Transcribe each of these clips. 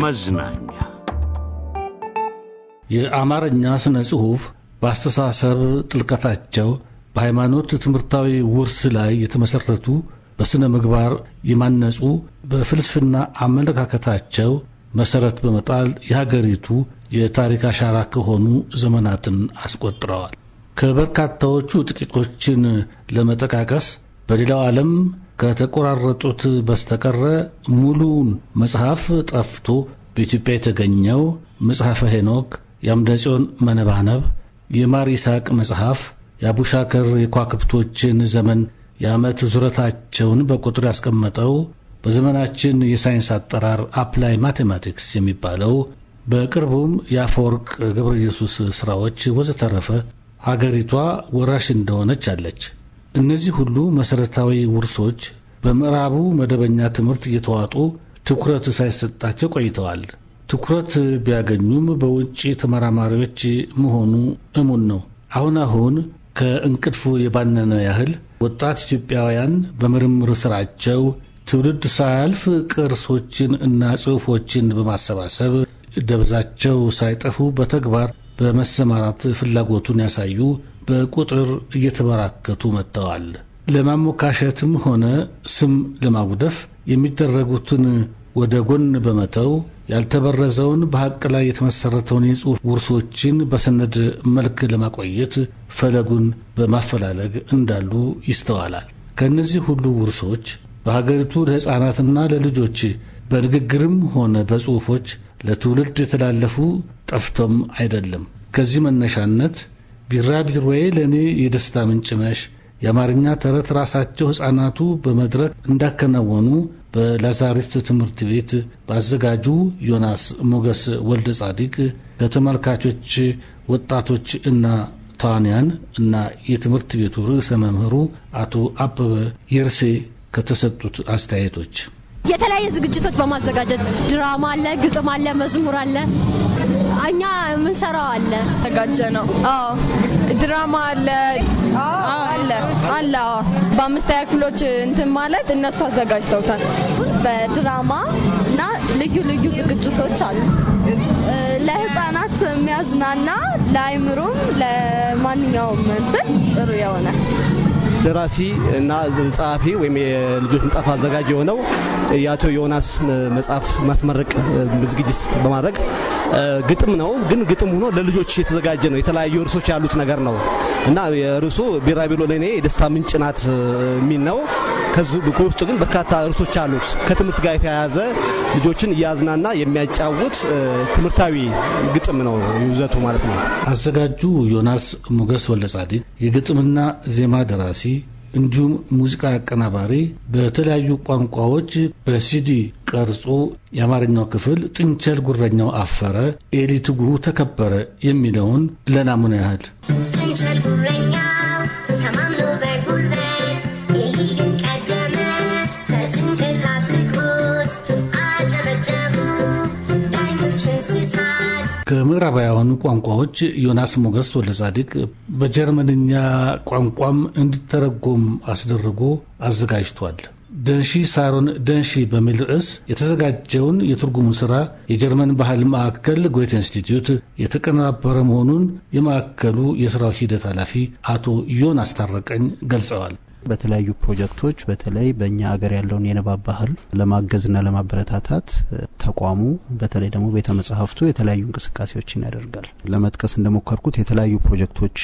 መዝናኛ የአማርኛ ስነ ጽሑፍ በአስተሳሰብ ጥልቀታቸው በሃይማኖት ትምህርታዊ ውርስ ላይ የተመሠረቱ በሥነ ምግባር የማነጹ በፍልስፍና አመለካከታቸው መሠረት በመጣል የሀገሪቱ የታሪክ አሻራ ከሆኑ ዘመናትን አስቆጥረዋል። ከበርካታዎቹ ጥቂቶችን ለመጠቃቀስ በሌላው ዓለም ከተቆራረጡት በስተቀረ ሙሉውን መጽሐፍ ጠፍቶ በኢትዮጵያ የተገኘው መጽሐፈ ሄኖክ፣ የአምደጽዮን መነባነብ፣ የማር ይስሐቅ መጽሐፍ፣ የአቡሻከር የኳክብቶችን ዘመን የዓመት ዙረታቸውን በቁጥር ያስቀመጠው በዘመናችን የሳይንስ አጠራር አፕላይ ማቴማቲክስ የሚባለው በቅርቡም የአፈወርቅ ገብረ ኢየሱስ ሥራዎች ወዘተረፈ ሀገሪቷ ወራሽ እንደሆነች አለች። እነዚህ ሁሉ መሰረታዊ ውርሶች በምዕራቡ መደበኛ ትምህርት እየተዋጡ ትኩረት ሳይሰጣቸው ቆይተዋል። ትኩረት ቢያገኙም በውጭ ተመራማሪዎች መሆኑ እሙን ነው። አሁን አሁን ከእንቅልፉ የባነነ ያህል ወጣት ኢትዮጵያውያን በምርምር ስራቸው ትውልድ ሳያልፍ ቅርሶችን እና ጽሑፎችን በማሰባሰብ ደብዛቸው ሳይጠፉ በተግባር በመሰማራት ፍላጎቱን ያሳዩ በቁጥር እየተበራከቱ መጥተዋል። ለማሞካሸትም ሆነ ስም ለማጉደፍ የሚደረጉትን ወደ ጎን በመተው ያልተበረዘውን በሐቅ ላይ የተመሠረተውን የጽሑፍ ውርሶችን በሰነድ መልክ ለማቆየት ፈለጉን በማፈላለግ እንዳሉ ይስተዋላል። ከእነዚህ ሁሉ ውርሶች በሀገሪቱ ለሕፃናትና ለልጆች በንግግርም ሆነ በጽሑፎች ለትውልድ የተላለፉ ጠፍቶም አይደለም። ከዚህ መነሻነት ቢራቢሮዬ ለእኔ የደስታ ምንጭ ነሽ፣ የአማርኛ ተረት ራሳቸው ሕፃናቱ በመድረክ እንዳከናወኑ በላዛሪስት ትምህርት ቤት ባዘጋጁ ዮናስ ሞገስ ወልደ ጻዲቅ ለተመልካቾች ወጣቶች እና ተዋንያን እና የትምህርት ቤቱ ርዕሰ መምህሩ አቶ አበበ የርሴ ከተሰጡት አስተያየቶች የተለያየ ዝግጅቶች በማዘጋጀት ድራማ አለ፣ ግጥም አለ፣ መዝሙር አለ፣ እኛ የምንሰራው አለ። ተጋጀ ነው። አዎ ድራማ አለ አለ አለ። በአምስተኛ ክፍሎች እንትን ማለት እነሱ አዘጋጅተውታል። በድራማ እና ልዩ ልዩ ዝግጅቶች አሉ። ለህፃናት የሚያዝናና ለአይምሩም ለማንኛውም እንትን ጥሩ የሆነ ደራሲ እና ጸሐፊ ወይም የልጆች መጽሐፍ አዘጋጅ የሆነው የአቶ ዮናስ መጽሐፍ ማስመረቅ ዝግጅት በማድረግ ግጥም ነው፣ ግን ግጥም ሆኖ ለልጆች የተዘጋጀ ነው። የተለያዩ ርዕሶች ያሉት ነገር ነው እና ርዕሱ ቢራቢሎ ለእኔ የደስታ ምንጭ ናት የሚል ነው። ከውስጡ ግን በርካታ ርዕሶች አሉት። ከትምህርት ጋር የተያያዘ ልጆችን እያዝናና የሚያጫውት ትምህርታዊ ግጥም ነው ይዘቱ ማለት ነው። አዘጋጁ ዮናስ ሞገስ ወለጻዴ የግጥምና ዜማ ደራሲ እንዲሁም ሙዚቃ አቀናባሪ በተለያዩ ቋንቋዎች በሲዲ ቀርጾ የአማርኛው ክፍል ጥንቸል ጉረኛው አፈረ፣ ኤሊ ተከበረ የሚለውን ለናሙና ያህል ጥንቸል ጉረኛ ምዕራባውያኑ ቋንቋዎች ዮናስ ሞገስ ወልደጻድቅ በጀርመንኛ ቋንቋም እንዲተረጎም አስደርጎ አዘጋጅቷል። ደንሺ ሳሮን ደንሺ በሚል ርዕስ የተዘጋጀውን የትርጉሙ ሥራ የጀርመን ባህል ማዕከል ጎይተ ኢንስቲትዩት የተቀነባበረ መሆኑን የማዕከሉ የሥራው ሂደት ኃላፊ አቶ ዮናስ ታረቀኝ ገልጸዋል። በተለያዩ ፕሮጀክቶች በተለይ በእኛ ሀገር ያለውን የንባብ ባህል ለማገዝና ለማበረታታት ተቋሙ በተለይ ደግሞ ቤተ መጽሐፍቱ የተለያዩ እንቅስቃሴዎችን ያደርጋል። ለመጥቀስ እንደሞከርኩት የተለያዩ ፕሮጀክቶች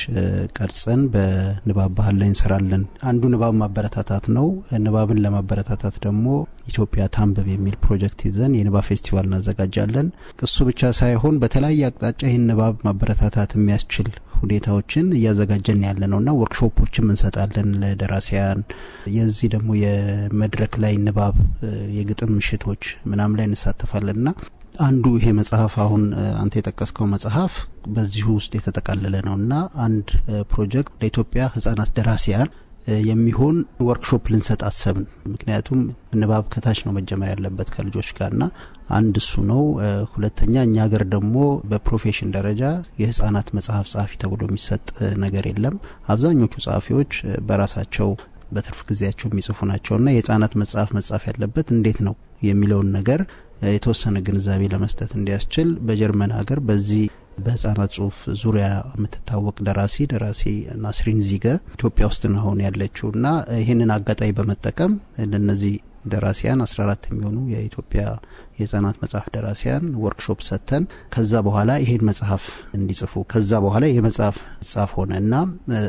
ቀርጸን በንባብ ባህል ላይ እንሰራለን። አንዱ ንባብ ማበረታታት ነው። ንባብን ለማበረታታት ደግሞ ኢትዮጵያ ታንብብ የሚል ፕሮጀክት ይዘን የንባብ ፌስቲቫል እናዘጋጃለን። እሱ ብቻ ሳይሆን በተለያየ አቅጣጫ ይህን ንባብ ማበረታታት የሚያስችል ሁኔታዎችን እያዘጋጀን ያለ ነው እና ወርክሾፖችም እንሰጣለን ለደራሲያን። የዚህ ደግሞ የመድረክ ላይ ንባብ የግጥም ምሽቶች ምናምን ላይ እንሳተፋለን እና አንዱ ይሄ መጽሐፍ አሁን አንተ የጠቀስከው መጽሐፍ በዚሁ ውስጥ የተጠቃለለ ነው እና አንድ ፕሮጀክት ለኢትዮጵያ ህጻናት ደራሲያን የሚሆን ወርክሾፕ ልንሰጥ አሰብን። ምክንያቱም ንባብ ከታች ነው መጀመር ያለበት ከልጆች ና አንድ እሱ ነው። ሁለተኛ እኛ ሀገር ደግሞ በፕሮፌሽን ደረጃ የህጻናት መጽሐፍ ጸሐፊ ተብሎ የሚሰጥ ነገር የለም። አብዛኞቹ ጸሐፊዎች በራሳቸው በትርፍ ጊዜያቸው የሚጽፉ ናቸውና የህጻናት መጽሐፍ መጻፍ ያለበት እንዴት ነው የሚለውን ነገር የተወሰነ ግንዛቤ ለመስጠት እንዲያስችል በጀርመን ሀገር በዚህ በህጻናት ጽሁፍ ዙሪያ የምትታወቅ ደራሲ ደራሲ ናስሪን ዚገ ኢትዮጵያ ውስጥ ነሆን ያለችው እና ይህንን አጋጣሚ በመጠቀም ለነዚህ ደራሲያን 14 የሚሆኑ የኢትዮጵያ የህጻናት መጽሐፍ ደራሲያን ወርክሾፕ ሰጥተን ከዛ በኋላ ይሄን መጽሐፍ እንዲጽፉ ከዛ በኋላ ይሄ መጽሐፍ ጻፍ ሆነ እና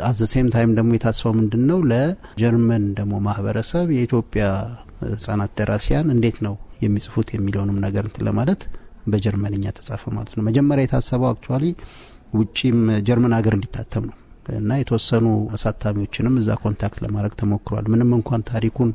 አት ሴም ታይም ደግሞ የታሰበው ምንድን ነው ለጀርመን ደግሞ ማህበረሰብ የኢትዮጵያ ህጻናት ደራሲያን እንዴት ነው የሚጽፉት የሚለውንም ነገር እንትን ለማለት በጀርመንኛ ተጻፈ ማለት ነው። መጀመሪያ የታሰበው አክቹዋሊ ውጪም ጀርመን ሀገር እንዲታተም ነው እና የተወሰኑ አሳታሚዎችንም እዛ ኮንታክት ለማድረግ ተሞክሯል። ምንም እንኳን ታሪኩን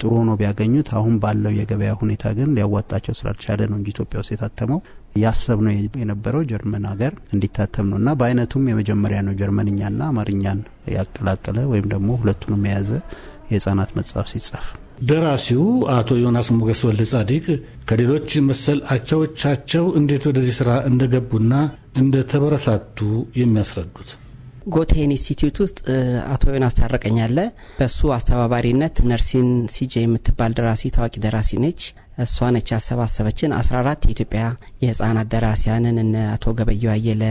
ጥሩ ሆኖ ቢያገኙት አሁን ባለው የገበያ ሁኔታ ግን ሊያዋጣቸው ስላልቻለ ነው እንጂ ኢትዮጵያ ውስጥ የታተመው ያሰብ ነው የነበረው ጀርመን ሀገር እንዲታተም ነው እና በአይነቱም የመጀመሪያ ነው ጀርመንኛና አማርኛን ያቀላቀለ ወይም ደግሞ ሁለቱንም የያዘ የህጻናት መጽሐፍ ሲጻፍ ደራሲው አቶ ዮናስ ሞገስ ወልደ ጻዲቅ ከሌሎች መሰል አቻዎቻቸው እንዴት ወደዚህ ሥራ እንደገቡና እንደተበረታቱ የሚያስረዱት ጎቴን ኢንስቲትዩት ውስጥ አቶ ዮናስ ታረቀኝ በእሱ አስተባባሪነት ነርሲን ሲጄ የምትባል ደራሲ ታዋቂ ደራሲ ነች። እሷ ነች ያሰባሰበችን። 14 የኢትዮጵያ የህፃናት ደራሲያንን እነ አቶ ገበዩ አየለ፣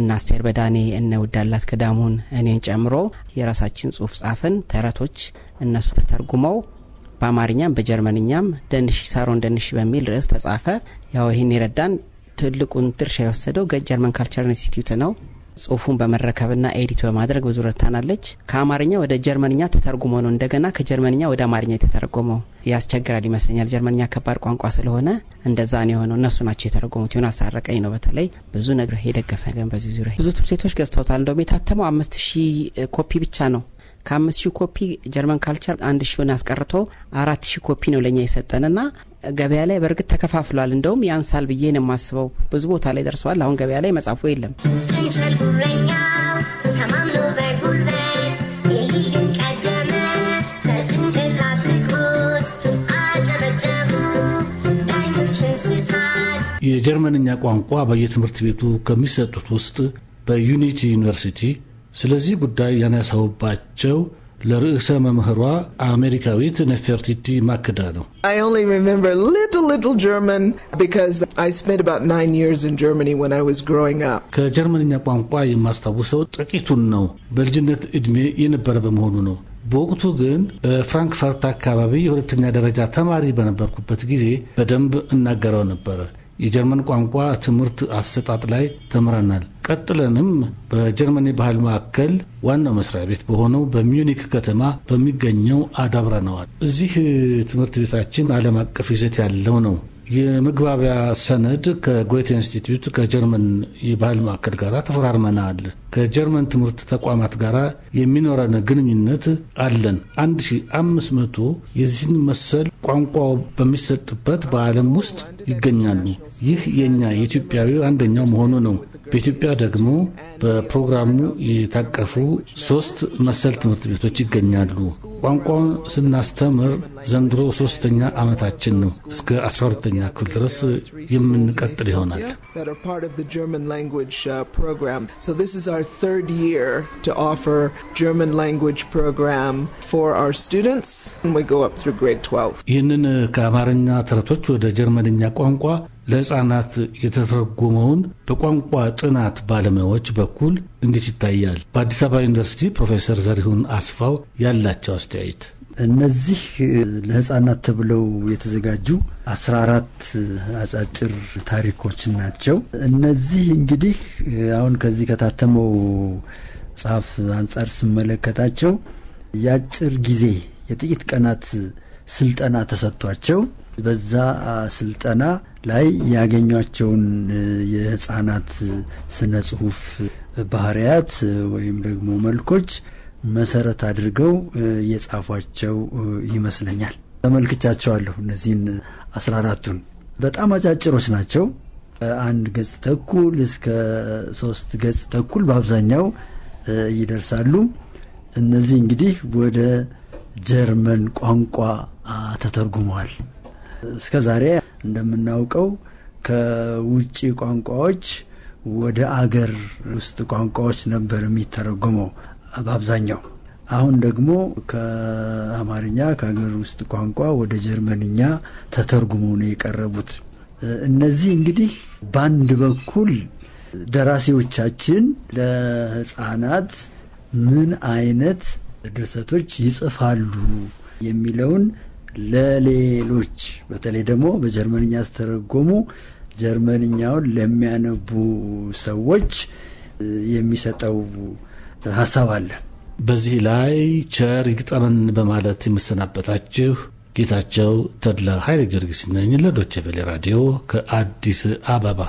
እነ አስቴር በዳኔ፣ እነ ውዳላት ክዳሙን፣ እኔን ጨምሮ የራሳችን ጽሁፍ ጻፍን። ተረቶች እነሱ ተተርጉመው በአማርኛም በጀርመንኛም ደንሽ ሳሮን ደንሽ በሚል ርዕስ ተጻፈ። ያው ይህን ይረዳን ትልቁን ድርሻ የወሰደው ጀርመን ካልቸር ኢንስቲትዩት ነው። ጽሁፉን በመረከብና ኤዲት በማድረግ ብዙ ረድታናለች። ከአማርኛ ወደ ጀርመንኛ ተተርጉሞ ነው እንደገና ከጀርመንኛ ወደ አማርኛ የተተረጎመው። ያስቸግራል ይመስለኛል፣ ጀርመንኛ ከባድ ቋንቋ ስለሆነ እንደዛ ነው የሆነው። እነሱ ናቸው የተረጎሙት። ሆን አስታረቀኝ ነው በተለይ ብዙ ነግረ የደገፈ በዚህ ዙሪያ ብዙ ትምህርት ቤቶች ገዝተውታል። እንደውም የታተመው አምስት ሺህ ኮፒ ብቻ ነው። ከአምስት ሺህ ኮፒ ጀርመን ካልቸር አንድ ሺውን አስቀርቶ አራት ሺህ ኮፒ ነው ለእኛ የሰጠንና ገበያ ላይ በእርግጥ ተከፋፍሏል። እንደውም ያንሳል ብዬ ነው የማስበው። ብዙ ቦታ ላይ ደርሰዋል። አሁን ገበያ ላይ መጻፉ የለም። የጀርመንኛ ቋንቋ በየትምህርት ቤቱ ከሚሰጡት ውስጥ በዩኒቲ ዩኒቨርሲቲ ስለዚህ ጉዳይ ያነሳውባቸው ለርዕሰ መምህሯ አሜሪካዊት ነፌርቲቲ ማክዳ ነው። ከጀርመንኛ ቋንቋ የማስታውሰው ጥቂቱን ነው። በልጅነት ዕድሜ የነበረ በመሆኑ ነው። በወቅቱ ግን በፍራንክፈርት አካባቢ የሁለተኛ ደረጃ ተማሪ በነበርኩበት ጊዜ በደንብ እናገረው ነበረ። የጀርመን ቋንቋ ትምህርት አሰጣጥ ላይ ተምረናል። ቀጥለንም በጀርመን የባህል ማዕከል ዋናው መስሪያ ቤት በሆነው በሚዩኒክ ከተማ በሚገኘው አዳብረነዋል። እዚህ ትምህርት ቤታችን ዓለም አቀፍ ይዘት ያለው ነው። የመግባቢያ ሰነድ ከጎቴ ኢንስቲትዩት ከጀርመን የባህል ማዕከል ጋር ተፈራርመናል። ከጀርመን ትምህርት ተቋማት ጋር የሚኖረን ግንኙነት አለን። መቶ የዚህን መሰል ቋንቋው በሚሰጥበት በዓለም ውስጥ ይገኛሉ። ይህ የእኛ የኢትዮጵያዊ አንደኛው መሆኑ ነው። በኢትዮጵያ ደግሞ በፕሮግራሙ የታቀፉ ሶስት መሰል ትምህርት ቤቶች ይገኛሉ። ቋንቋውን ስናስተምር ዘንድሮ ሶስተኛ ዓመታችን ነው እስከ 12 እስከምናክል ድረስ የምንቀጥል ይሆናል። uh, ይህንን uh, ከአማርኛ ተረቶች ወደ ጀርመንኛ ቋንቋ ለሕፃናት የተተረጎመውን በቋንቋ ጥናት ባለሙያዎች በኩል እንዴት ይታያል? በአዲስ አበባ ዩኒቨርሲቲ ፕሮፌሰር ዘሪሁን አስፋው ያላቸው አስተያየት እነዚህ ለህፃናት ተብለው የተዘጋጁ አስራ አራት አጫጭር ታሪኮች ናቸው። እነዚህ እንግዲህ አሁን ከዚህ ከታተመው ጻፍ አንጻር ስመለከታቸው የአጭር ጊዜ የጥቂት ቀናት ስልጠና ተሰጥቷቸው በዛ ስልጠና ላይ ያገኟቸውን የህፃናት ስነ ጽሁፍ ባህሪያት ወይም ደግሞ መልኮች መሰረት አድርገው የጻፏቸው ይመስለኛል። ተመልክቻቸዋለሁ እነዚህን አስራ አራቱን በጣም አጫጭሮች ናቸው። አንድ ገጽ ተኩል እስከ ሶስት ገጽ ተኩል በአብዛኛው ይደርሳሉ። እነዚህ እንግዲህ ወደ ጀርመን ቋንቋ ተተርጉመዋል። እስከ ዛሬ እንደምናውቀው ከውጭ ቋንቋዎች ወደ አገር ውስጥ ቋንቋዎች ነበር የሚተረጉመው። በአብዛኛው አሁን ደግሞ ከአማርኛ ከሀገር ውስጥ ቋንቋ ወደ ጀርመንኛ ተተርጉሞ ነው የቀረቡት። እነዚህ እንግዲህ በአንድ በኩል ደራሲዎቻችን ለሕፃናት ምን አይነት ድርሰቶች ይጽፋሉ የሚለውን ለሌሎች በተለይ ደግሞ በጀርመንኛ ስተረጎሙ ጀርመንኛውን ለሚያነቡ ሰዎች የሚሰጠው ሀሳብ አለ። በዚህ ላይ ቸር ይግጠመን በማለት የምሰናበታችሁ ጌታቸው ተድላ ኃይለ ጊዮርጊስ ነኝ ለዶቼ ቬሌ ራዲዮ ከአዲስ አበባ